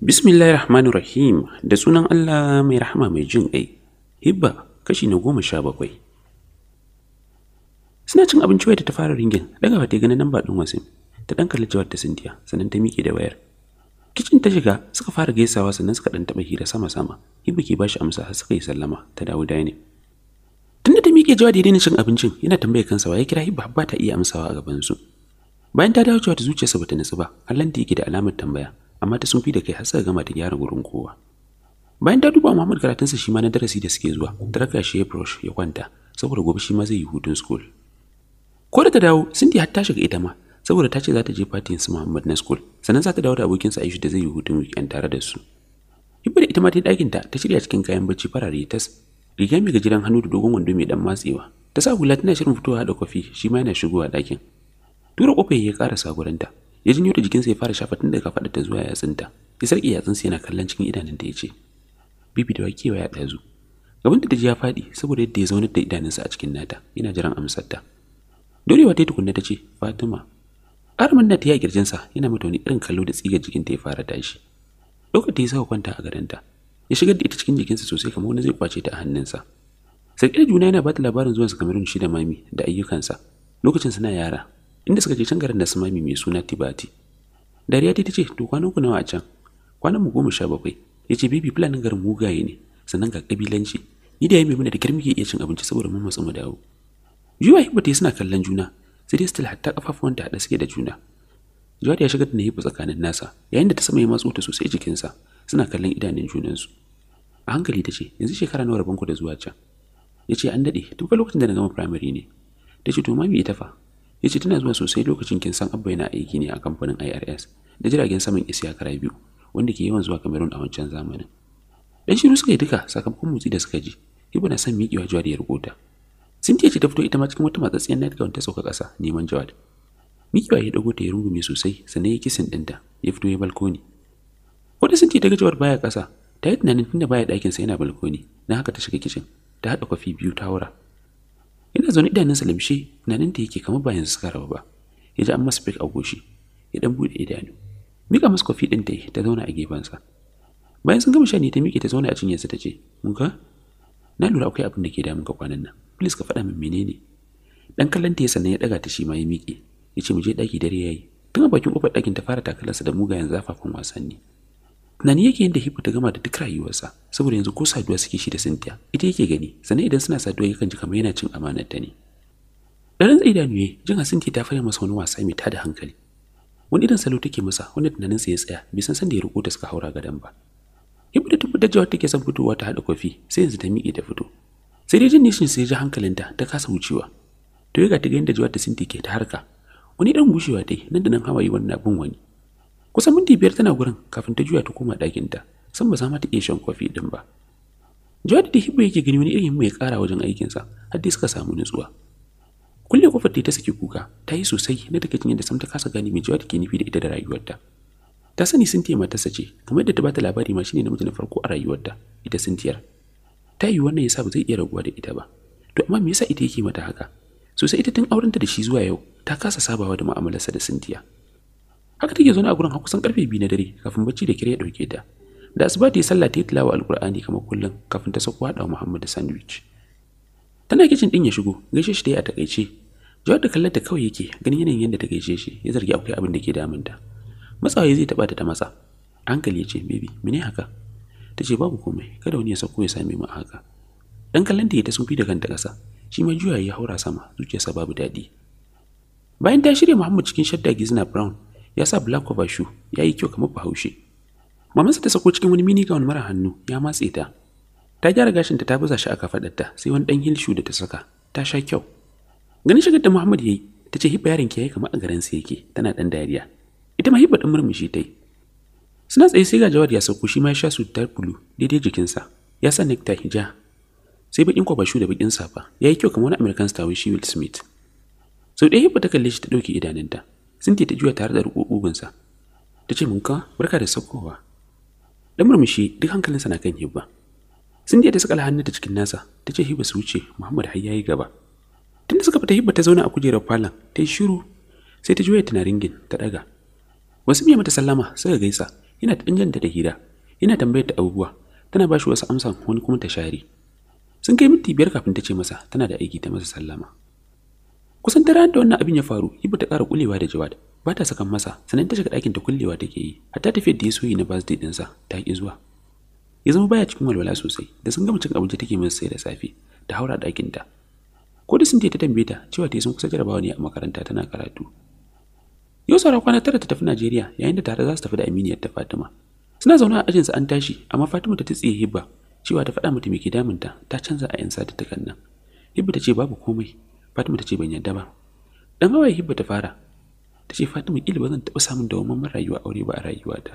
Bismillahi rahmanu Rahim da sunan Allah mai rahama mai jin ƙai. Hibba kashi na goma sha bakwai. Suna cin abinci wai da ta fara ringin daga ta ganin namba ɗin wasu ta ɗan kalli jawar ta Cynthia sannan ta miƙe da wayar. Kicin ta shiga suka fara gaisawa sannan suka ɗan taɓa hira sama-sama. Hibba ke bashi amsa har suka yi sallama ta dawo ne. Miƙewa da daina cin abincin yana tambayar kansa wa ya kira Hibba ba ta iya amsawa a gaban su. Bayan ta dawo cewa ta zuciyarsa bata nutsu ba, allan ta yake da alamar tambaya, amma ta sun fi da kai har suka gama ta gyara gurin kowa. Bayan ta duba Muhammad karatunsa shi ma na darasi da suke zuwa, ta raka shi ya brush ya kwanta, saboda gobe shi ma zai yi hutun school. Ko da ta dawo, Cindy har ta shiga ita ma, saboda ta ce za ta je fatin su Muhammad na school, sannan za ta dawo da abokinsa Aisha da zai yi hutun weekend tare da su. Hibba da ita ma ta yi ɗakinta ta shirya cikin kayan bacci farare riga mai gajeren hannu da dogon wando mai dan matsewa ta sa hula tana shirin fitowa da kwafi shi ma yana shigowa ɗakin tura kofar ya kara sagurinta ya jinyo da jikinsa ya fara shafa tun daga ta zuwa yatsunta ya sarki yatsunsa yana kallon cikin idanun idanunta ya ce bibi da wakewa ya ɗazu gaban da ji ya faɗi saboda yadda ya zaunar da idanunsa a cikin nata yana jiran amsarta dorewa ta yi tukunna ta ce fatima arman na ta yi a kirjinsa yana mata wani irin kallo da tsigar jikinta ya fara tashi lokacin ta saka kwanta a gadonta ya shigar da ita cikin jikinsa sosai kamar wani zai kwace ta a hannunsa sarki da juna yana bata labarin zuwan su kamerun shi da mami da ayyukansa lokacin suna yara inda suka je can garin da su mami mai suna tibati dariya ta ce to kwanan ku nawa a can kwanan mu goma sha bakwai ya ce bibi fulanin garin mugaye ne sannan ga kabilanci ni da ya mai mana da kirmi ke iya cin abinci saboda mun matsu mu dawo juwa hibba ta suna kallon juna sai dai still hatta kafafuwan ta haɗa suke da juna juwa ya shigar da na ba tsakanin nasa yayin da ta sama ya matso ta sosai jikinsa suna kallon idanun junansu a hankali ta ce yanzu shekara nawa rabonku da zuwa can ya ce an daɗe tun fa lokacin da na gama firamare ne ta ce to mami ita fa ya ce tana zuwa sosai lokacin kin san abba yana aiki ne a kamfanin irs da jiragen saman isiya kara biyu wanda ke yawan zuwa kamerun a wancan zamanin dan shiru suka yi duka sakamakon motsi da suka ji hibu na son miƙewa jawad ya rubuta Cynthia ce ta fito ita ma cikin wata matsatsiyar nightgown ta sauka ƙasa neman jawad miƙewa ya dago ta ya rungume sosai sannan ya kisin ɗinta ya fito ya balkoni wani sun ce ta gajewar baya ƙasa, ta yi tunanin tunda baya sa yana balkoni, na haka ta shiga kicin, ta haɗa kwafi biyu ta wura. Yana zaune idanunsa limshe, tunanin ta yake kamar bayan suka raba ba. Ya ji an masa fik a goshi, ya ɗan buɗe idanu. Mika masa kwafi ɗin ta yi, ta zauna a gefensa. Bayan sun gama shani ta miƙe ta zauna a sa ta ce, Muka, na lura akwai abin da ke damun ka kwanan nan, please ka faɗa min menene. Dan kallon ta ya sannan ya ɗaga ta shi ma ya miƙe, ya ce mu je ɗaki dare ya yi. Tun a bakin ƙofar ɗakin ta fara takalarsa da mugayen zafafan wasanni. tunani yake yadda hippo ta gama da duk rayuwarsa saboda yanzu ko saduwa suke shi da Cynthia ita yake gani sannan idan suna saduwa yakan ji kamar yana cin amanar ta ne daren tsaye da nuye jin a Cynthia ta fara masa wani wasa mai tada hankali wani irin salo take masa wanda tunaninsa ya tsaya bai san san da ya riko ta suka haura gadon ba hippo da tabbatar jawar take son fitowa ta hada kofi sai yanzu ta miƙe ta fito sai dai jin nishin sai ji hankalinta ta kasa wucewa to ya ga ta ga yadda jawar ta Cynthia ke ta harka wani irin gushewa dai nan da nan hawaye wannan abin wani kusan minti biyar tana gurin kafin ta juya ta koma ɗakinta san ba za ta iya shan kofi din ba jawadi da hibu yake gani wani irin ya ƙara wajen aikinsa har dai suka samu nutsuwa kulle kofar ta ta saki kuka ta yi sosai na daga cikin da sam ta kasa gane mai jawadi ke nufi da ita da rayuwarta ta sani taya matarsa ce kamar yadda ta bata labari ma shine namiji na farko a rayuwarta ita sintiyar ta yi wannan yasa ba zai iya raguwa da ita ba to amma me yasa ita yake mata haka sosai ita tun aurenta da shi zuwa yau ta kasa sabawa da mu'amalarsa da sintiya haka take zaune a gurin har kusan karfe biyu na dare kafin bacci da kire ya dauke ta da asuba ta yi sallah ta yi tilawa alkur'ani kamar kullum kafin ta sauko haɗa muhammad da sandwich tana kicin din ya shigo gaishe shi ta yi a takaice jawar da kallon ta kawai yake ganin yanayin yadda ta gaishe shi ya zargi akwai abin da ke damun ta matsawai zai taɓa ta ta matsa hankali ya ce baby mene haka ta ce babu komai kada wani ya sauko ya same mu a haka dan kallon ta ta sufi da kanta kasa shi ma juya ya haura sama zuciyarsa babu daɗi bayan ta shirya muhammad cikin shadda gizna brown ya sa black cover shoe ya yi kyau kamar bahaushe mamansa ta sako cikin wani mini gown mara hannu ya matse ta ta gyara gashinta ta baza shi a aka ta sai wani dan heel shoe da ta saka ta sha kyau ganin shigar da muhammad yayi ta ce hibba yaron ki ya kamar a garinsa yake tana dan dariya ita ma hibba ɗan murmushi tai suna tsaye sai ga jawar ya sako shi ma ya sha ta bulu daidai jikinsa ya sa nekta hija sai bakin kwabashu da bakin safa ya yi kyau kamar wani american star shi will smith sau ɗaya hibba ta kalle shi ta ɗauke idanunta Cynthia ta juya tare da riƙo Ta ce munka barka da saukowa. Dan murmushi duk hankalinsa na kan Hibba. Cynthia ta sakala hannunta cikin nasa ta ce Hibba su wuce Muhammad har yi gaba. Tunda suka fita Hibba ta zauna a kujerar falon ta yi shiru sai ta juya tana ringin ta daga. Wasu biya mata sallama suka gaisa yana ta ɗanjanta da hira yana tambayar ta abubuwa tana ba shi wasu amsan wani kuma ta share. Sun kai minti biyar kafin ta ce masa tana da aiki ta masa sallama. kusan tara da wannan abin ya faru ibu ta ƙara kulewa da jawad ba ta sakan masa sannan ta shiga ɗakin ta kullewa take yi hatta tafiyar da ya soyi na birthday sa ta ki zuwa ya zama baya cikin walwala sosai da sun gama cin abinci take masa sai da safe ta haura ɗakin ta ko da sun ta tambaye ta cewa ta sun kusa jarabawa ne a makaranta tana karatu yau sauran kwana tara ta tafi Najeriya yayin da tare za su tafi da aminiyar ta Fatima suna zaune a ajinsa an tashi amma Fatima ta tsiye hibba cewa ta faɗa mata me ke damunta ta canza a 'yan ta nan hibba ta ce babu komai Fatima ta ce ban yadda ba. Dan hawaye Hibba ta fara. Ta ce Fatima kila ba zan taɓa samun man rayuwa aure ba a rayuwata.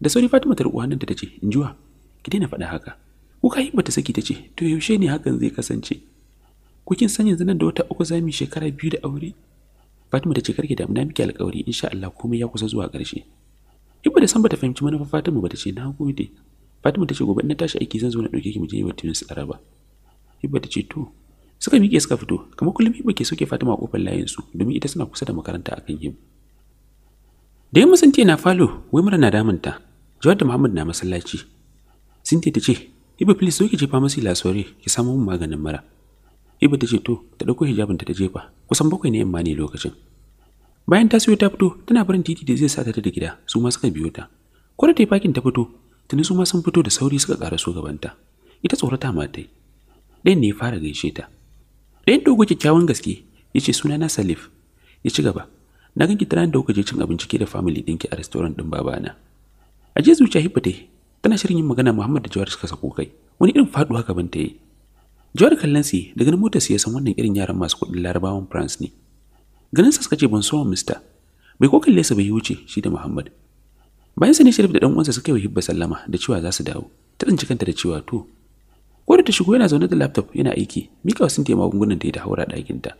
Da sauri Fatima ta ruwa nan ta ce injuwa ki daina faɗa haka. Kuka Hibba ta saki ta ce to yaushe ne hakan zai kasance? Kukin san yanzu nan da wata uku za mu shekara biyu da aure? Fatima ta ce karki da na miki alƙawari insha Allah komai ya kusa zuwa ƙarshe. Hibba da san bata fahimci manufar Fatima ba ta ce na gode. Fatima ta ce gobe na tashi aiki zan zo na ɗauke ki mu je wa Tunis Araba. Hibba ta ce to suka miƙe suka fito kamar kullum hibba ke soke fatima a kofar layinsu domin ita suna kusa da makaranta kan hibba da yamma sun na falo wai mura na damunta jawar da muhammad na masallaci sun ta ce hibba please soke jefa masu lasore ki samo min maganin mara. ibo ta ce to ta ɗauko hijabinta ta jefa kusan bakwai na yamma ne lokacin bayan ta siyo ta fito tana barin titi da zai sa ta da gida su ma suka biyo ta ko da ta yi fakin ta fito tuni su ma sun fito da sauri suka ƙara so gabanta ita tsorata ma ta yi ɗayan ne ya fara gaishe ta ɗayan dogo kyakkyawan gaske ya ce suna na salif ya ci gaba na ganki tana da kuka je cin abinci ke da famili ɗinki a restaurant ɗin babana a je zuciya hibba ta tana shirin yin magana muhammad da jawar suka sako kai wani irin faɗuwa ban ta yi jawar kallon si ganin motar mota ya san wannan irin yaran masu kuɗin larabawan france ne ganin sa suka ce ban so mista bai ko kalle sa bai wuce shi da muhammad bayan sa ne sharif da dan uwansa suka yi hibba sallama da cewa za su dawo ta tsinci kanta da cewa to ko da ta shigo yana zaune da laptop yana aiki mika wasu ta magungunan da ya haura ɗakin ta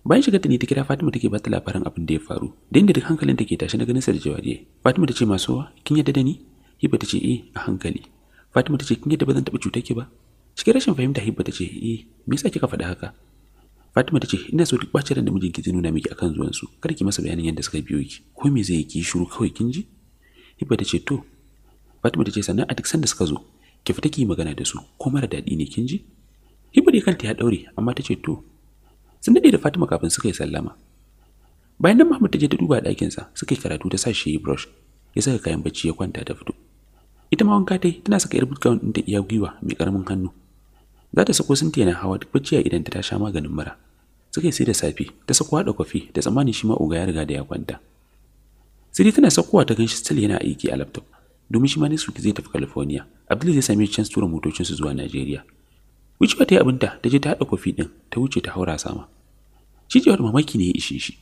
bayan shiga ta ne ta kira Fatima take ba ta labarin abin da ya faru da inda duk hankalin take tashi na ganin sa da jawariye Fatima ta ce masuwa kin yadda da ni Hibba ta ce eh a hankali Fatima ta ce kin yadda ba zan taɓa cuta ki ba cikin rashin fahimta Hibba ta ce e, me yasa kika faɗi haka Fatima ta ce ina so duk bacin da mijinki zai nuna miki akan zuwan su kar ki masa bayanin yadda suka biyo ki ko me zai yi ki shiru kawai kin ji Hibba ta ce to Fatima ta ce sannan a duk sanda suka zo ki fita ki magana da su ko mara daɗi ne kin ji hibba dai kanta ya daure amma ta ce to sun daɗe da fatima kafin suka yi sallama bayan nan mahmud ta je ta duba ɗakinsa suka yi karatu ta sa shi yi brush ya saka kayan bacci ya kwanta ta fito ita ma wanka ta tana saka yar bootgown ɗinta iya gwiwa mai ƙaramin hannu za ta sako sun tena hawa duk bacci a idan ta sha maganin mura suka yi sai da safe ta sako haɗa kwafi da tsammanin shi ma uga ya riga da ya kwanta sai tana sakowa ta ganshi still yana aiki a laptop domin shi ma ne suke zai tafi California. Abdul zai sami chance tura motocinsu zuwa Najeriya. Wucewa ta yi abinta ta je ta haɗa kofi ɗin ta wuce ta haura sama. Cijewar mamaki ne ya ishe shi.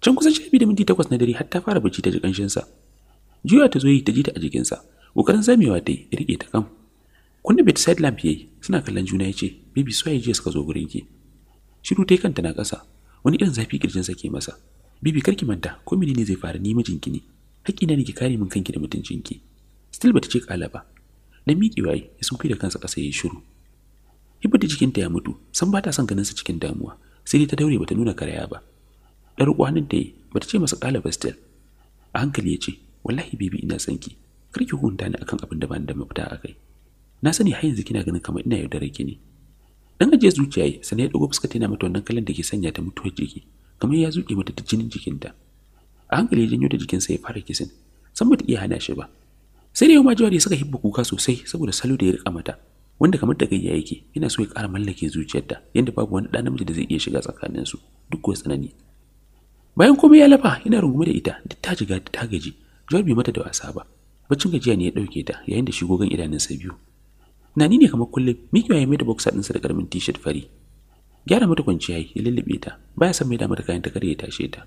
Can kusan sha biyu da minti takwas na dare har ta fara bacci ta ji ƙanshinsa. Juya ta zo yi ta ji ta a jikinsa. Ƙoƙarin zamewa ta yi ya riƙe ta kan. Kunna lamp yayi suna kallon juna ya ce baby so jiya suka zo gurin ki. Shiru ta kanta na kasa, wani irin zafi ƙirjinsa ke masa. Bibi karki manta ko menene zai fara ni mijinki ne. haƙƙi ne ki kare min kanki da mutuncinki still bata ce kala ba dan miƙi waye ya sunfi da kansa ƙasa yayi shiru hibbata jikinta ya mutu san bata son ganin sa cikin damuwa sai dai ta daure bata nuna karaya ba dan riƙo hannun ta yi bata ce masa kala ba still a hankali ya ce wallahi bibi ina son ki kar ki hunta ni akan abin da ban da mafita a kai na sani har yanzu kina ganin kamar ina yaudarar ki ne dan aje zuciya ya dogo fuskar yana mata wannan kallon da ke sanya ta mutuwar jiki kamar ya zuke mata ta jinin jikinta a hankali janyo da jikinsa ya fara kisin san ta iya hana shi ba sai da yamma jawari suka hibba kuka sosai saboda salo da ya rika mata wanda kamar da gayya yake yana so ya kara mallake zuciyarta yadda babu wani ɗan namiji da zai iya shiga tsakaninsu duk ko tsanani bayan komai ya lafa yana rungume da ita duk ta jiga ta gaji jawar bai mata da wasa ba baccin gajiya ne ya ɗauke ta yayin da shigogan idanunsa biyu nani ne kamar kullum mikiwa ya da boksa ɗinsa da ƙaramin t fari gyara mata kwanciya ya lullube ta baya son mai damar kayan ta kare ya tashe ta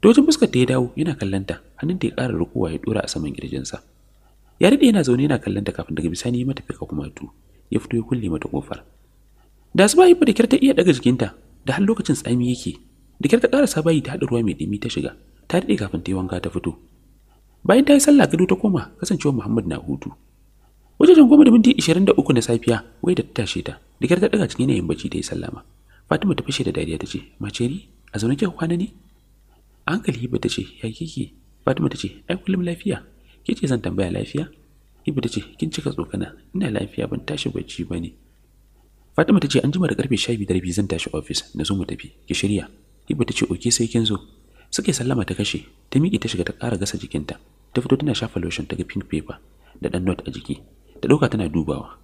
dojin fuskar ta ya dawo yana kallon kallonta hannunta ya ƙara rukuwa ya ɗora a saman ƙirjinsa ya daɗe yana zaune yana kallonta kafin daga bisani ya mata fika tu, ya fito ya kulle mata ƙofar da su bayi da kirta iya ɗaga jikinta da har lokacin tsami yake da kirta ta ƙarasa bayi ta haɗa ruwa mai ɗumi ta shiga ta daɗe kafin ta yi wanka ta fito bayan ta yi sallah gado ta koma kasancewar muhammad na hutu wajajen goma da minti ishirin da uku na safiya wai da ta tashe ta da kirta ɗaga cikin yanayin bacci ta yi sallama fatima ta fashe da dariya ta ce maceri a zaune kyau kwana ne hankali Hibba ta ce, "Ya kike?" Fatima ta ce, "Ai kullum lafiya." Ke ce zan tambaya lafiya? Hibba ta ce, "Kin cika tsokana, ina lafiya ban tashi bacci ba ne." Fatima ta ce, "An jima da karfe 12 da rabi zan tashi office, na zo mu tafi, ki shirya." Hibba ta ce, "Oke sai kin zo." Suka sallama ta kashe, ta miƙe ta shiga ta ƙara gasa jikinta. Ta fito tana shafa lotion ta ga pink paper da ɗan note a jiki. Ta ɗauka tana dubawa.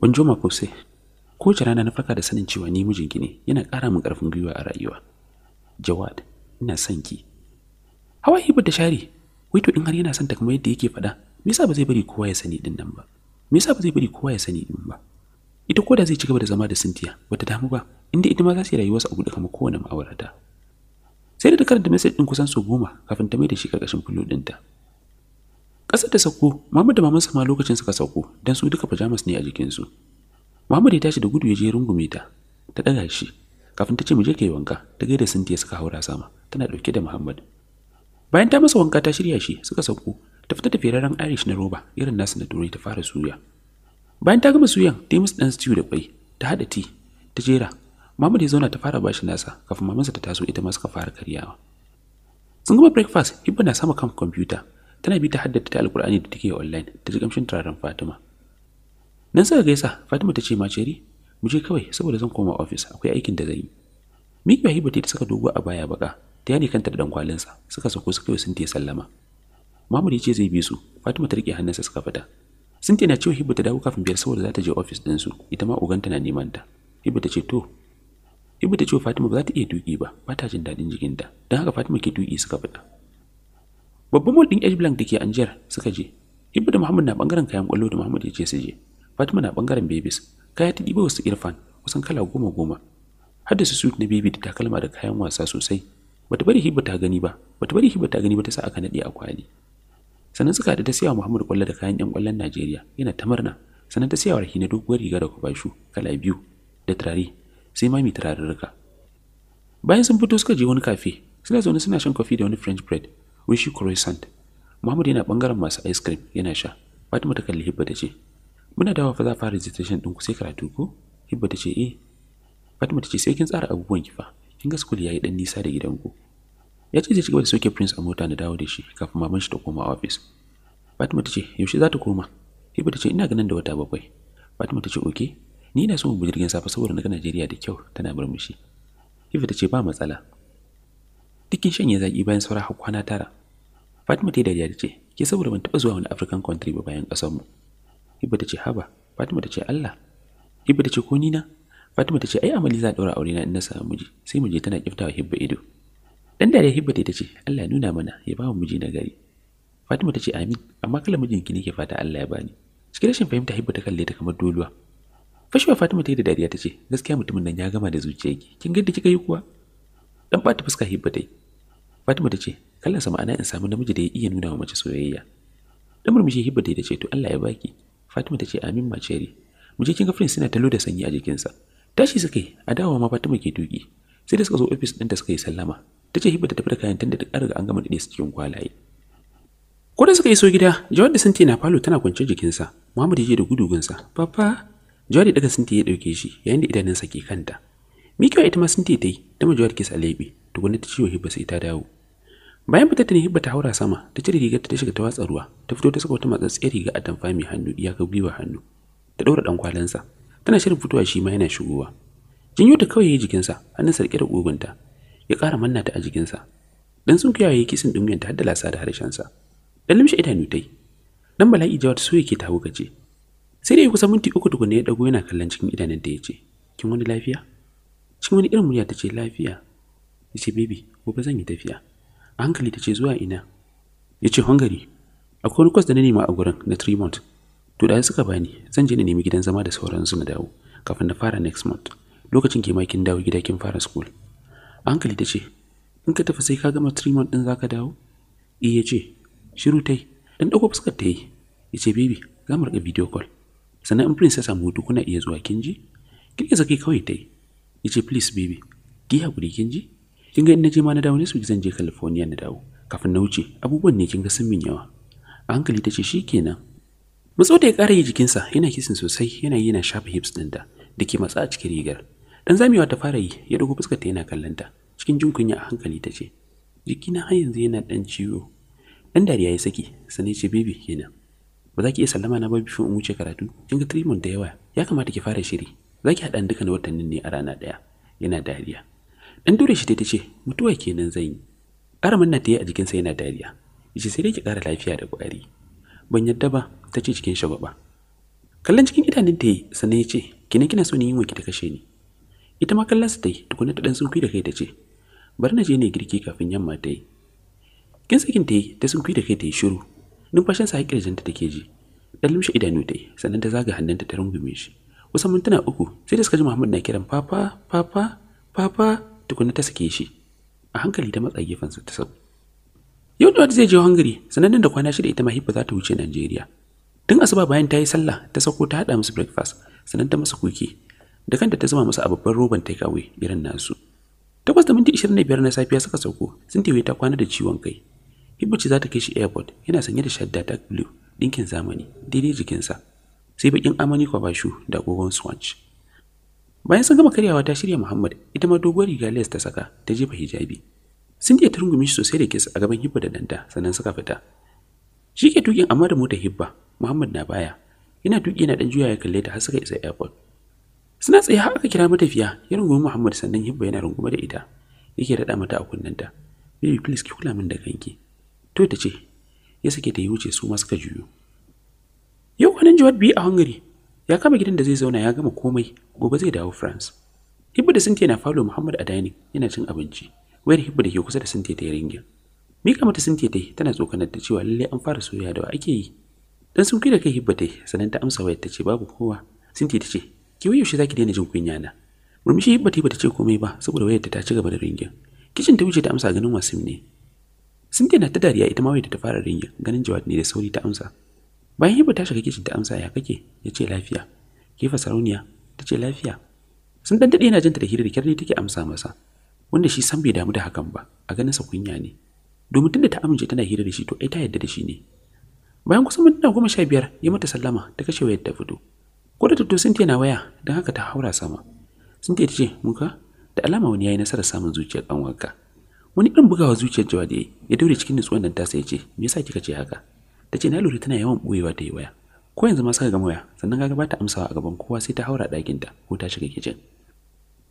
Ban joma ko sai. Kowace rana na farka da sanin cewa ni mijinki ne, yana ƙara min ƙarfin gwiwa a rayuwa. Jawad, ina son ki hawa ibu da share wai to in har yana son ta kamar yadda yake faɗa me yasa ba zai bari kowa ya sani din nan ba me yasa ba zai bari kowa ya sani din ba ita koda zai ci gaba da zama da Cynthia bata damu ba inda ita ma za su yi rayuwarsu a gudu kamar kowane ma'aurata sai da karanta message din kusan so goma kafin ta mai da shi karkashin fulo ɗinta ƙasar ta sauko Muhammad da mamansa ma lokacin suka sauko dan su duka pajamas ne a jikinsu Muhammad ya tashi da gudu ya je rungume ta ta ɗaga shi kafin ta ce mu je kai wanka ta da Cynthia suka haura sama tana dauke da Muhammad bayan ta masa wanka ta shirya shi suka sauko ta fita da feraren Irish na roba irin nasu na turai ta fara suya bayan ta gama suyan ta yi musu dan stew da kwai ta hada ti ta jera Muhammad ya zauna ta fara bashi nasa kafin mamansa ta taso ita ma suka fara karyawa sun gama breakfast Hibba na sama kan computer tana bi ta haddata ta alkur'ani da take online ta ji kamshin turaren Fatima nan suka gaisa Fatima ta ce ma ceri. mu je kawai saboda zan koma ofis akwai aikin da zan yi ba hiba ta saka dogo a baya baka ta yani kanta da dankwalinsa suka sako suka yi ta sallama mamu ya ce zai bi su Fatima ta rike hannunsa suka fita Sintiya na cewa Hibba ta dawo kafin biyar saboda za ta je ofis din su ita ma uganta na neman ta Hibba ta ce to Hibba ta ce Fatima ba za ta iya duki ba ba ta jin dadin jikinta don haka Fatima ke duki suka fita Babban mall din Edge Blank dake Anjer suka je Hibba da Muhammad na bangaren kayan kwallo da Muhammad ya ce su je Fatima na bangaren babies kaya ta ɗiba wasu irfan kusan kala goma goma har da su suit na baby da takalma da kayan wasa sosai bata bari hibba ta gani ba bata bari hibba ta gani ba ta sa aka naɗe a kwali sannan suka haɗu ta siya muhammadu kwallo da kayan yan kwallon najeriya yana ta murna sannan ta siya wa rahina doguwar riga da kwabashu kala biyu da turare sai mami turarurruka bayan sun fito suka je wani kafe suna zaune suna shan kofi da wani french bread wishi croissant muhammadu yana bangaren masu ice cream yana sha fatima ta kalli hibba ta ce muna dawa fa za fara registration ɗinku sai karatu ko hibba ta eh fatima ta ce sai kin tsara abubuwan ki fa kin ga school yayi dan nisa da gidanku ya ce zai ci da soke prince a mota na dawo da shi kafin maman shi ta koma office fatima ta ce yaushe za ta koma hibba ta ce ina ganin da wata bakwai fatima ta ce okay ni ina so mu jirgin safa saboda na ga Najeriya da kyau tana murmushi hibba ta ce ba matsala dukkin shanye zaki bayan saura kwana tara fatima ta yi dariya ta ce ke saboda ban taɓa zuwa wani african country ba bayan ƙasarmu mu Hibba ta ce haba, Fatima ta ce Allah. Hibba ta ce ko ni na? Fatima ta ce ai amali za daura aure na in na samu miji, sai mu je tana kiftawa Hibba ido. Dan dare Hibba ta ce Allah ya nuna mana ya ba mu miji na gari. Fatima ta ce amin, amma kala mijinki nake fata Allah ya bani. Cikin rashin fahimta Hibba ta kalle ta kamar doluwa. Fashewa Fatima ta yi da dariya ta ce, gaskiya mutumin nan ya gama da ki Kin gaddi kika yi kuwa? Dan bata fuska Hibba ta yi. Fatima ta ce, kallon sa ma'ana in samu namiji da ya iya nuna wa mace soyayya. Dan murmushi Hibba ta yi ta ce, to Allah ya baki. Fatima ta ce amin mace yari Mu je kin talo da sanyi a jikinsa. Tashi suke a dawowa ma Fatima ke tuki. Sai da suka zo ofis da suka yi sallama. Ta ce Hibba ta tafi da kayan tunda duk an an gama daɗe su cikin kwalaye. Ko da suka iso gida, Jawad da Sinti na falo tana kwance jikinsa. Muhammad ya je da gudugunsa. Papa, Jawad daga Sinti ya dauke shi yayin da idanunsa ke kanta. Mikiwa ita ma Sinti ta yi, ta ma Jawad kisa lebe. tukunna ta ciwo Hibba sai ta dawo. bayan fitar ta ne hibba ta haura sama ta cire rigar ta shiga ta watsa ruwa ta fito ta saka wata matsatsiyar riga a tamfa mai hannu iyaka gwiwa hannu ta daura dan kwalansa tana shirin fitowa shi ma yana shigowa jinyo ta kawai yayi jikinsa hannun sarki da kogunta ya ƙara manna ta a jikinsa dan sunkuyawa kiyaye kisin dumiyan ta haddala sa da harshensa dan limshi idanu tai dan bala'i ta so yake ta hukace sai dai kusa minti uku tukunne ya dago yana kallon cikin idanun ta yace kin wani lafiya cikin wani irin murya tace lafiya yace baby gobe zan yi tafiya a hankali ta ce zuwa ina ya ce hungary akwai wani kwas da na nema a gurin na tremont to da suka bani zan je na nemi gidan zama da sauran sauransu na dawo kafin na fara next month lokacin ke makin dawo gida kin fara school a hankali ta ce in ka tafi sai ka gama tremont din zaka dawo e ya ce shiru tai dan dauko fuskar ta yi ya ce baby za mu riƙa video call sannan in prince ya samu hutu kuna iya zuwa kin ji kirkisa kai kawai ta yi ya ce please baby ki haƙuri kin ji kin ga inda je ma na dawo ne su zan je California na dawo kafin na wuce abubuwan ne kin ga sun min yawa a hankali tace shikenan mutso da ya ƙara yi jikinsa yana kisin sosai yana yi yana shafa hips ɗinta da ke matsa a cikin rigar dan zamewa ta fara yi ya dago fuskar ta yana kallon ta cikin jin a hankali tace jikina har yanzu yana dan ciwo dan dariya ya saki sane ce baby kenan ba za ki iya sallama na ba bifin in wuce karatu kin ga treatment da yawa ya kamata ki fara shiri za ki haɗa duka na watannin ne a rana ɗaya yana dariya dan dure shi ta ce mutuwa kenan zan yi Ƙaramin na yi a jikinsa yana dariya yace sai dai ki ƙara lafiya da ƙwari ban yadda ba ta ce cikin ba. kallon cikin idanun ta yi sannan ya ce kina kina so ni yin wanki ta kashe ni ita ma kallon su ta yi tukuna ta ɗan sunkuyi da kai ta ce bari na je ne girki kafin yamma ta yi kin sakin ta yi ta sunkuyi da kai ta yi shiru numfashin sa haƙƙin ta take ji dan lumshe idanu ta yi sannan ta zaga hannunta ta rungume shi kusan mintuna uku sai da suka ji Muhammad na kiran papa papa papa tukunna ta sake shi a hankali ta matsa gefensa ta sau yau da zai je hungary sanannen da kwana shida ita ma hibba za ta wuce najeriya tun asuba bayan ta yi sallah ta sauko ta haɗa musu breakfast sanan ta masa kuki da kanta ta zama musu a babban roban take irin nasu takwas da minti ishirin da biyar na safiya suka sauko sun tewe ta kwana da ciwon kai hibba ce za ta kai shi airport yana sanye da shadda ta blue ɗinkin zamani daidai jikinsa sai bakin amani kwabashu da agogon swatch bayan sun gama karyawa ta shirya muhammad ita ma doguwar riga les ta saka ta jefa hijabi sun ta rungume shi sosai da kisa a gaban hibba da danta sannan suka fita shi ke tukin amma da mota hibba muhammad na baya yana tuki yana dan juya ya kalle ta har suka isa airport suna tsaye har aka kira matafiya ya rungumi muhammad sannan hibba yana rungume da ita yake raɗa mata a kunnenta baby please ki kula min da kanki to ta ce ya sake ta yi wuce su ma suka juyo yau kwanan jawabi biyu a hungary ya kama gidan da zai zauna ya gama komai gobe zai dawo france hibba da sintiya na falo muhammad a dining yana cin abinci wayar hibba da ke kusa da sintiya ta yi ringin mika mata sintiya ta yi tana tsokanar ta cewa lallai an fara soyayya da wa ake yi dan sun da kai hibba ta yi sannan ta amsa wayar ta ce babu kowa sintiya ta ce ki yaushe shi zaki daina jin kunya na murmushi hibba ta yi bata ce komai ba saboda wayar ta ci gaba da ringin kicin ta wuce ta amsa ganin wasim ne Cynthia na ta dariya ita ma wayar ta fara ringin ganin jawabi ne da sauri ta amsa. bayan hibu ta shiga kicin ta amsa ya kake ya ce lafiya kefa sarauniya ta ce lafiya sun dan daɗe yana jinta da hirar kyar take amsa masa wanda shi san bai damu da hakan ba a ganin sa kunya ne domin tunda ta amince tana hira da shi to ai ta yadda da shi ne bayan kusan mintuna goma sha biyar ya mata sallama ta kashe wayar ta fito ko da tatto sun tena waya don haka ta haura sama sun ta ce muka da alama wani yayi nasarar samun zuciyar ɗan wanka wani irin bugawa zuciyar jawa ya daure cikin nutsuwan nan tasa ya ce me yasa kika ce haka ta ce na lura tana yawan ɓoyewa ta yi waya ko yanzu ma suka gama waya sannan kaga ba ta amsawa a gaban kowa sai ta haura ɗakinta ko ta shiga kicin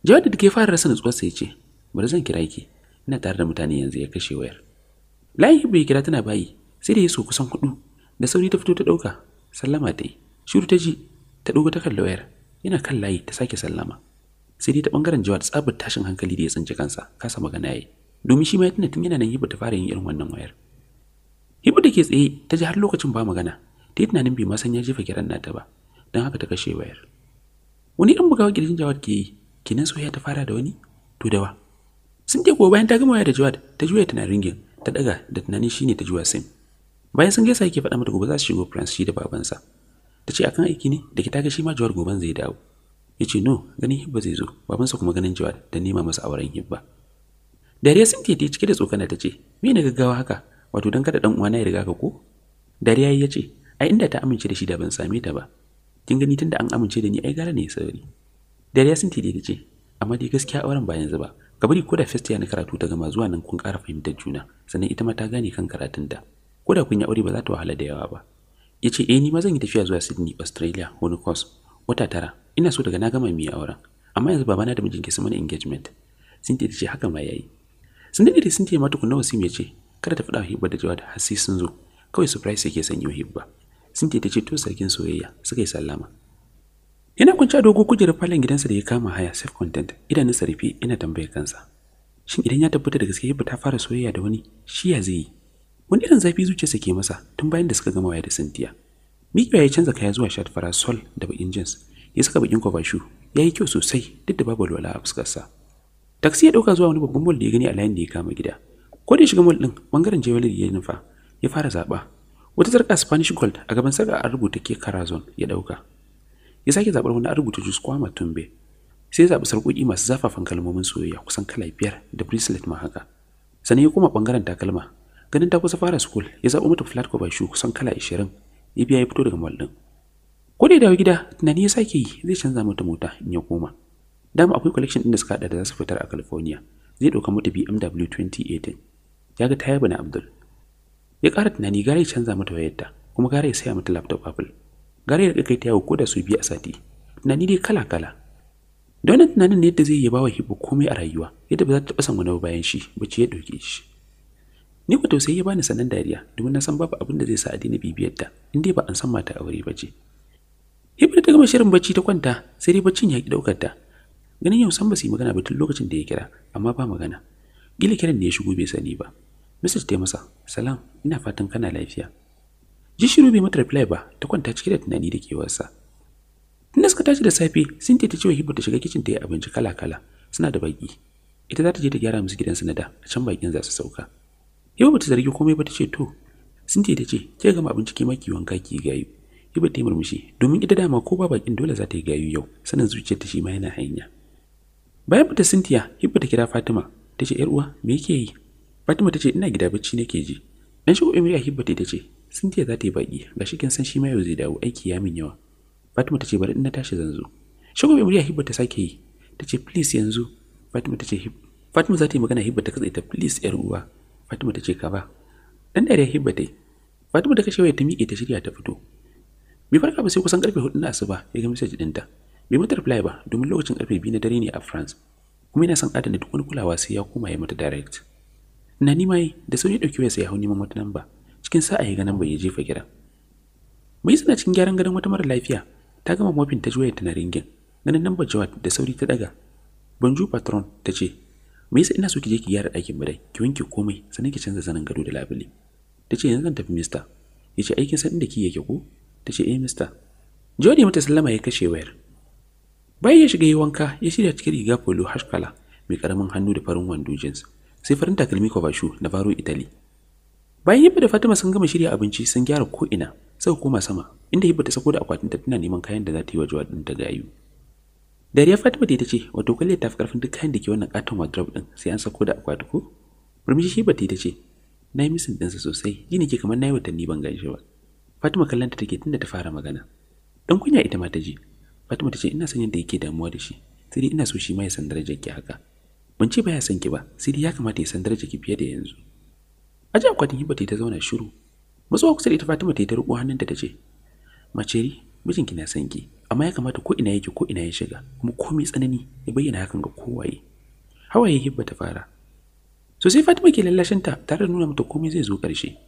jawad da take fara rasa nutsuwa sai ce bari zan kira ki ina tare da mutane yanzu ya kashe wayar layin bai kira tana bayi sai da ya so kusan kuɗu da sauri ta fito ta ɗauka sallama ta yi shiru ta ji ta ɗauka ta kalla wayar yana kan layi ta sake sallama sai dai ta bangaren jawad tsabar tashin hankali da ya tsinci kansa kasa magana yayi domin shi ma ya tun yana nan yi bata fara yin irin wannan wayar Ibu da ke tsaye ta ji har lokacin ba magana, ta yi tunanin bai ma san ya jefa kiran nata ba, don haka ta kashe wayar. Wani ɗan bugawa kirjin Jawad ke yi, kinan soyayya ta fara da wani? To dawa. Sun ke kuwa bayan ta gama waya da Jawad, ta juya tana ringin, ta daga da tunanin shine ta juwa Sim. Bayan sun gaisa yake faɗa mata gobe za su shigo France shi da babansa. Ta ce akan aiki ne da ke ta ga shi ma Jawad goben zai dawo. Ya ce no, ganin Hibba zai zo, babansa kuma ganin Jawad da nema masa auren Hibba. Dariya sun ta cike da tsokana ta ce, me na gaggawa haka? wato don kada dan uwana ya riga ka ko Dare ya ce ai inda ta amince da shi da ban same ta ba kin gani tun da an amince da ni ai gara ne ya sauri Dare ya sinti ta ce amma dai gaskiya auren ba yanzu ba ka bari ko da first ya na karatu ta gama zuwa nan kun ƙara fahimtar juna sannan ita ma ta gane kan karatunta ko da kun yi aure ba za ta wahala da yawa ba ya ce eh ni ma zan yi tafiya zuwa Sydney Australia wani course wata tara ina so daga na gama miya auren amma yanzu babana da mijinki sun mana engagement Sinti ta ce haka ma yayi sun ne da Cynthia ma nawa sim ya ce kada ta faɗa hibba da jawad har sai sun zo kawai surprise yake wa hibba Cynthia ta ce to sarkin soyayya suka yi sallama ina kwanci a dogo kujerar falon gidansa da ya kama haya self content na rufe ina tambayar kansa shin idan ya tabbata da gaske hibba ta fara soyayya da wani shi ya zai yi wani irin zafi zuciyarsa ke masa tun bayan da suka gama waya da Cynthia Mikiya ya canza kaya zuwa shirt fara sol da bakin jeans ya saka bakin cover shoe yayi kyau sosai duk da babu walwala a fuskarsa taxi ya dauka zuwa wani babban mall da ya gani a layin da ya kama gida ko da shiga mall din bangaren jewelry ya nufa ya fara zaba wata sarka Spanish gold a gaban sarka a rubuta ke Carazon ya dauka ya sake zabar wani an rubuta juice Kwama Tumbe sai ya zabi sarkoki masu zafafan kalmomin soyayya kusan kala biyar da bracelet ma haka sannan ya koma bangaren takalma ganin ta kusa fara school ya zabo mata flat cover shoe kusan kala 20 ya biya ya fito daga mall din ko da dawo gida tunani ya sake yi zai canza mata mota in ya koma dama akwai collection din da suka hada da za su fitar a California zai dauka mata BMW 2018 ya ga ta yaba na Abdul. Ya ƙara tunani gare ya canza mata wayarta kuma gare ya saya mata laptop Apple. Gare ya kai ta yawo ko da su biyu a sati. Tunani dai kala-kala. Da wannan tunanin ne yadda zai yi bawa Hibu komai a rayuwa yadda ba za ta taɓa san wani bayan shi ba ya ɗauke shi. Ni ku tausayi ya bani sanan dariya domin na san babu abin da zai sa a daina bibiyar ta in dai ba an san mata aure ba ce. Hibbu ta gama shirin bacci ta kwanta sai dai baccin ya ki ɗaukar ta. Ganin yau san ba su yi magana ba tun lokacin da ya kira amma ba magana. Gila kiran da ya shigo bai sani ba. Mr. ta masa, "Salam, ina fatan kana lafiya." Ji shiru bai mata reply ba, ta kwanta cike da tunani da kewarsa. Tunda suka tashi da safe, Cynthia ta ce wa Hibba ta shiga kicin ta yi abinci kala-kala, suna da baki. Ita za ta je ta gyara musu gidan sanada a can bakin za su sauka. Hibba ba zargi komai ba ta ce, "To, Cynthia ta ce, "Ke gama abinci ke maki wanka ki gayu." Hibba ta yi murmushi, domin ita dama ko ba bakin dole za ta yi gayu yau, sanin zuciyarta shi ma yana hanya. Bayan fita Cynthia, Hibba ta kira Fatima, ta ce ‘yar uwa me yake yi fatima ta ce ina gida bacci nake ji dan shigo ya hibbata ta ce sintiya za ta yi baki ga shi kin san shi ma yau zai dawo aiki ya min yawa fatima ta ce bari ina tashi zanzu shigo hibba hibbata sake yi ta ce please yanzu fatima ta ce fatima za ta yi magana hibbata katse ta please ‘yar uwa fatima ta ce ka ba dan ta hibbata fatima ta kashe waya ta miƙe ta shirya ta fito bai farka ba sai kusan karfe hudu na asuba ya ga message ɗinta bai mutar fly ba domin lokacin karfe biyu na dare ne a france kuma yana son adana duk wani kulawa sai ya koma ya mata direct na ni mai da sauri dauki wayarsa ya hau neman wata namba cikin sa'a ya ga namba ya jefa kira mai suna cikin gyaran gadon wata mara lafiya ta gama mofin ta juya tana ringin ganin namba Jawad da sauri ta daga banju patron ta ce me yasa ina so ki je ki gyara ɗakin bare ki wanke komai sannan ki canza zanin gado da labule ta ce yanzu zan tafi mister ya aikin san da ki yake ko ta ce eh mister ya mata sallama ya kashe wayar Bayan ya shiga yi wanka, ya shirya cikin riga polo hash kala mai karamin hannu da farin wando jeans, sai farin takalmi kwabashu na baro Italy. Bayan Hibba da Fatima sun gama shirya abinci sun gyara ko'ina suka koma sama, inda Hibba ta sako da akwatinta tana neman kayan da za ta yi wa jawadin ta gayu. Dariya Fatima ta ce, wato kulle ta fi karfin duk kayan da ke wannan katon wardrobe din sai an sako da akwati ko? Murmushi ba ta ce, na yi misin ɗinsa sosai, ji ne ke kamar na yi watanni ban gaishe ba. Fatima kallanta take da ta fara magana. Dan kunya ita ma ta ji, Fatima ta ce ina san yadda yake damuwa da shi sai dai ina so shi ma ya san darajar ki haka ban ce baya san ki ba sai dai ya kamata ya san darajar ki fiye da yanzu ji akwatin hibba ta zauna shiru matsuwa kusa da ita Fatima ta yi ta riƙo hannunta ta ce mace maceri mijinki na san ki amma ya kamata ko ina yake ko ina ya shiga kuma komai tsanani ya bayyana hakan ga kowaye hawaye hibba ta fara so sai Fatima ke lallashin ta tare da nuna mata komai zai zo ƙarshe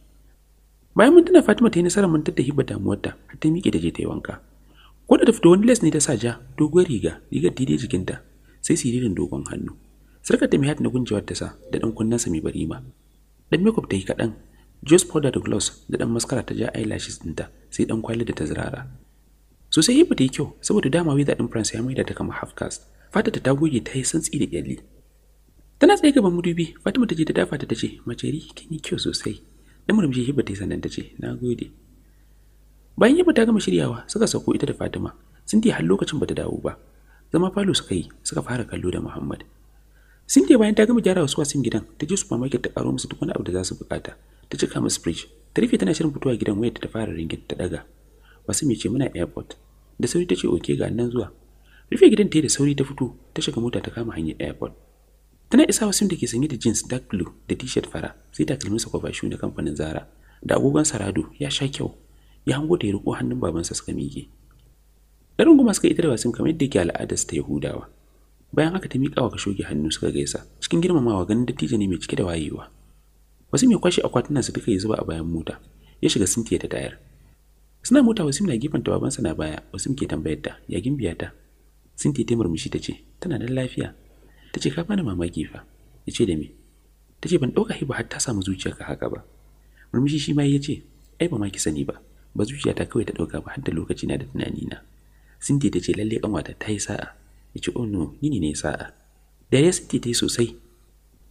bayan mintuna Fatima ta yi nasarar mantar da hibba damuwarta har ta miƙe ta je ta yi wanka ko da tafi wani les ne ta sa ja doguwar riga rigar daidai jikinta sai siririn dogon hannu sarkar ta mai hat na gunjewar ta sa da dan kunnensa mai bari ma dan makeup ta yi kaɗan jos powder da gloss da ɗan maskara ta ja eyelashes ɗinta sai dan kwali da ta zirara. So sai hibu ta yi kyau saboda dama wai ɗin France ya maida ta kama half cast. Fata ta goge ta yi santsi da kyalli. Tana tsaye gaban madubi, Fatima ta je ta dafa ta ce, "Maceri, kin yi kyau sosai." Dan murmushi yi ta yi sannan ta ce, gode. bayan yabba ta gama shiryawa suka sauko ita da fatima sinti har lokacin ba ta dawo ba zama falo suka yi suka fara kallo da muhammad sinti bayan ta gama gyara wasu wasin gidan ta je supermarket ta karo musu duk wani abu da za su bukata ta cika musu fridge ta rufe tana shirin fitowa gidan wayar ta fara ringin ta daga wasu mai ce muna airport da sauri ta ce oke ga nan zuwa rufe gidan ta yi da sauri ta fito ta shiga mota ta kama hanyar airport tana isa wasu da ke sanye da jeans dark blue da t-shirt fara sai kalmi kwafa shu na kamfanin zara da agogon sarado ya sha kyau ya hango ta ya riko hannun babansa suka miƙe ɗan kuma suka ita da wasim kamar yadda yake al'adarsa ta yahudawa bayan aka ta miƙa wa kashoge hannu suka gaisa cikin girmamawa ganin dattijo ne mai cike da wayewa wasim ya kwashe su duka ya zuba a bayan mota ya shiga sintiya ta tayar suna mota wasim na gefen ta babansa na baya wasu ke tambayar ta ya gimbiya ta sintiya ta murmushi ta ce tana nan lafiya ta ce ka bani mamaki fa ya ce da me ta ce ban ɗauka hiba har ta samu zuciyarka haka ba murmushi shi ma ya ce ai ba ma ki sani ba ba zuciya ta kawai ta ɗauka ba har da lokaci na da tunani na. Sinti ta ce lalle kanwata ta yi sa'a ya ce oh no ni ne sa'a da ya ta yi sosai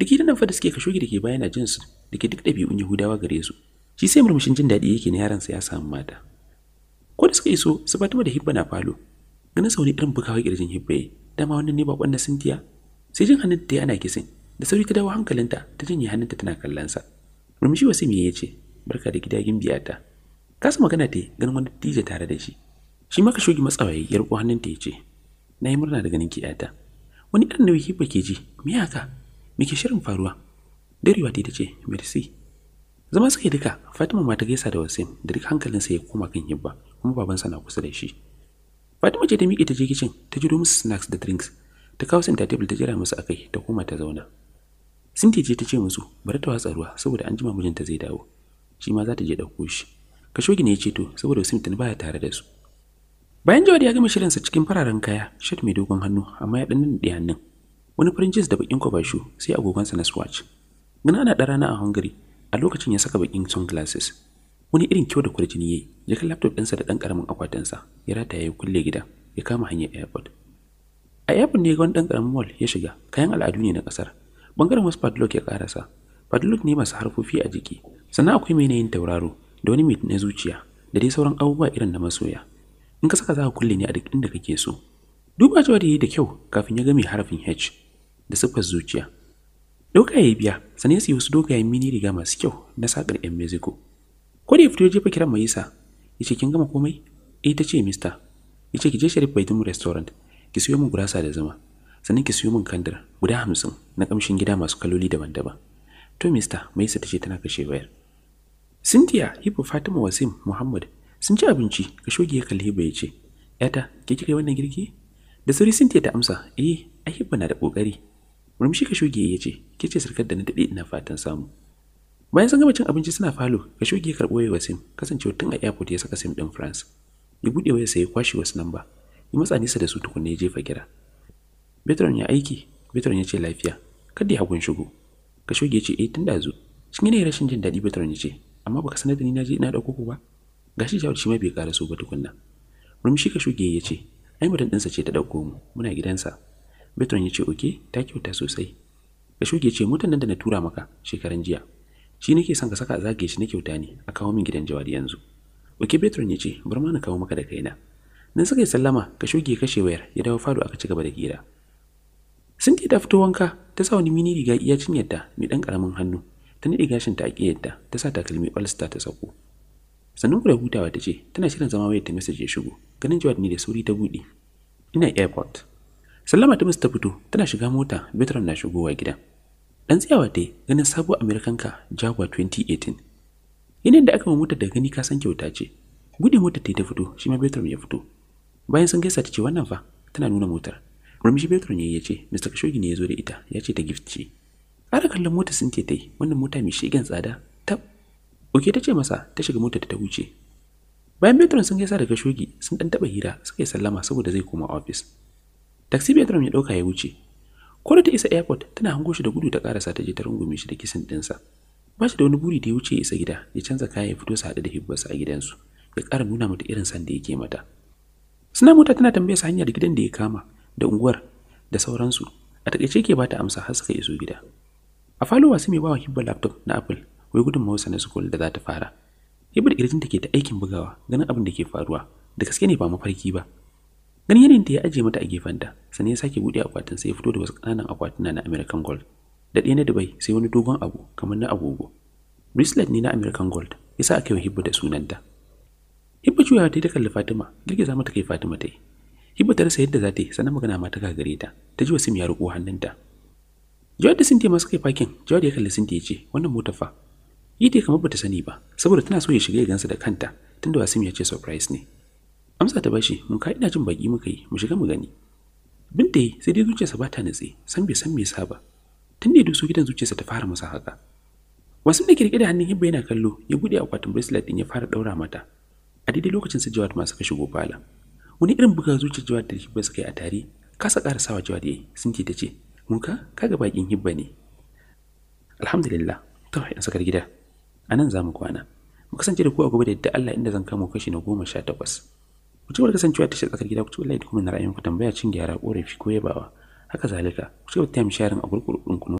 duk idan fa da suke kasho da ke bayan jin su da ke duk ɗabi'un Yahudawa gare su shi sai murmushin jin daɗi yake na yaransa ya samu mata ko da suka iso su Fatima da Hibba na falo ganin sauni irin bukawa kirjin Hibba yi dama wannan ne bakon na Sintiya sai jin hannun ta ana kisin da sauri ta dawo hankalinta ta janye hannunta tana kallon sa murmushi wasu me ce. barka da gida gimbiyata kasa magana ta ganin wani dije tare da shi shi maka shogi matsawai ya riko hannun ya ce na yi murna da ganin ki yata wani ɗan nauyi hibba ke ji me haka me ke shirin faruwa darewa ta ce merci zama suka yi duka fatima ma gaisa da wasim da duk hankalin sa ya koma kan hibba kuma babansa na kusa da shi fatima ce ta miƙe ta je kicin ta jiro musu snacks da drinks ta kawo sinta table ta jira musu akai ta koma ta zauna sinti ce ta ce musu bari ta watsa ruwa saboda an jima mijinta zai dawo shi ma za ta je ɗauko shi shoge ne ya ce saboda Usim baya tare da su. Bayan Jawad ya gama shirinsa cikin fararen kaya, shirt mai dogon hannu amma ya dan da hannun. Wani farin jins da bakin kwabashu sai agogonsa na Swatch. Gana ana dan rana a Hungary a lokacin ya saka bakin sunglasses. Wani irin kyau da kwarjini yayi, ya kai laptop ɗinsa da ɗan ƙaramin akwatinsa, ya rata ya kulle gida, ya kama hanyar airport. A airport ne ga wani ɗan ƙaramin mall ya shiga, kayan al'adu ne na ƙasar. Bangaren wasu padlock ya ƙarasa. Padlock ne masu harfofi a jiki, sannan akwai mai yin tauraro da wani mit na zuciya da dai sauran abubuwa irin na masoya in ka saka za ka kulle ne a duk inda kake so duba cewa da yi da kyau kafin ya game harafin h da siffar zuciya ya biya sani su yi wasu dogayen mini riga masu kyau na sakar yan mexico ko da ya fito jefa kiran maisa ya ce kin gama komai eh ta ce mister ya ce ki je sharif baitum restaurant ki siyo min gurasa da zama sannan ki siyo min kandir guda hamsin na kamshin gida masu kaloli daban-daban to mister maisa ta ce tana kashe wayar Cynthia, Hippo, Fatima, Wasim, Muhammad sun ci abinci ga shoge ya kalli ya ce, ‘Yata, ke kai wannan girki?’ Da sauri Cynthia ta amsa, eh, a Hibba na da ƙoƙari. Murmushi ka shoge ya ce, ke ce sarkar da na daɗe ina fatan samu. Bayan sun gama cin abinci suna falo, ka shoge ya karɓo ya wasim kasancewar tun a airport ya saka sim ɗin France. Ya buɗe waya sai ya kwashe wasu namba, ya matsa nesa da su tukunna ya jefa kira. Betron ya aiki, Betron ya ce lafiya, kada ya hagun shigo. Ka shoge ya ce, eh, tun da zo. Cikin yanayin rashin jin daɗi Betron ya ce, amma baka sanar da ni naje ina dauko ku ba gashi jawo shi mai bai karaso ba tukunna Rumshi ka shuge ya ce ai mutum sa ce ta dauko mu muna gidansa Betron ya ce oke ta kyauta sosai ka shuge ce mutan nan da na tura maka shekaran jiya shi nake son ka saka a zage shi na kyauta ne a kawo min gidan Jawad yanzu oke Betron ya ce bar ma na kawo maka da kaina nan suka yi sallama ka shuge kashe wayar ya dawo fado aka ci gaba da hira Sinti ta fito wanka ta sa wani mini riga iya yadda mai ɗan karamin hannu ta nade gashin ta aki yadda ta sa takalmi star ta sako sannan da hutawa ta ce tana shirin zama wayar ta message ya shigo ganin jawabi ne da sauri ta bude ina airport sallama ta musta fito tana shiga mota Betram na shigowa gida dan tsayawa dai ganin sabo American ka Jaguar 2018 yanayin da aka ma motar da gani ka san kyauta ce gudi motar ta ta fito shi ma ya fito bayan sun gaisa ta ce wannan fa tana nuna motar murmushi Betram ya yi ya ce Mr. Khashoggi ne ya zo da ita ya ce ta gift ce ƙara kallon mota sun ta tai wannan mota mai shigan tsada tab oke ta ce masa ta shiga mota ta wuce bayan metron sun sa daga shogi sun dan taba hira suka yi sallama saboda zai koma ofis taxi metron ya dauka ya wuce ko da ta isa airport tana hango shi da gudu ta karasa ta je ta rungume shi da kisan dinsa ba shi da wani buri da ya wuce ya isa gida ya canza kaya ya fito su haɗu da hibbarsa a gidansu ya kara nuna mata irin san da yake mata suna mota tana tambayar sa hanyar gidan da ya kama da unguwar da sauransu a takaice ke bata amsa har suka iso gida a falo wasu mai bawa hibbar laptop na apple wai gudun mawasa na sukul da za ta fara hibba da ke take ta aikin bugawa ganin abin da ke faruwa da gaske ne ba mafarki ba ganin yanayin ta ya ajiye mata a gefenta sannan ya sake buɗe akwatin sai ya fito da wasu ƙananan akwatuna na american gold da ɗaya na dubai sai wani dogon abu kamar na agogo bracelet ne na american gold ya sa aka yi hibba da sunanta hibba juyawa ta yi ta kalli fatima girgiza mata kai fatima ta yi hibba ta rasa yadda za ta yi sannan magana ma ta gagare ta ta ji wasu ya riƙo hannunta Jawar da Sinti masu kai fakin, Jawar ya kalli Sinti ya ce, wannan mota fa. Ita kamar bata sani ba, saboda tana so ya shiga ya gansa da kanta, tunda Wasim ya ce surprise ne. Amsa ta bashi, mun ka ina jin baki muka yi, mu shiga mu gani. Binta yi sai dai zuciyarsa ba ta nutse, san bai san me yasa ba. Tun da ya doso gidan zuciyarsa ta fara masa haka. Wasim da kirkira hannun Hibba yana kallo, ya bude akwatin bracelet din ya fara daura mata. A daidai lokacin su Jawad ma suka shigo fala. Wani irin buga zuciyar Jawad da Hibba suka yi a tare, kasa ƙara sawa Jawad yayi, Sinti ta ce, muka kaga bakin hibba ne alhamdulillah to a sakar gida anan zamu kwana mu kasance da ku a gobe da yadda Allah inda zan kamo kashi na 18 ku ci kasancewa ta shi tsakar gida ku ci wallahi kuma na ra'ayin ku tambaya cin gyara korafi ko yabawa haka zalika ku ci ta mi sharin a gurgurun ku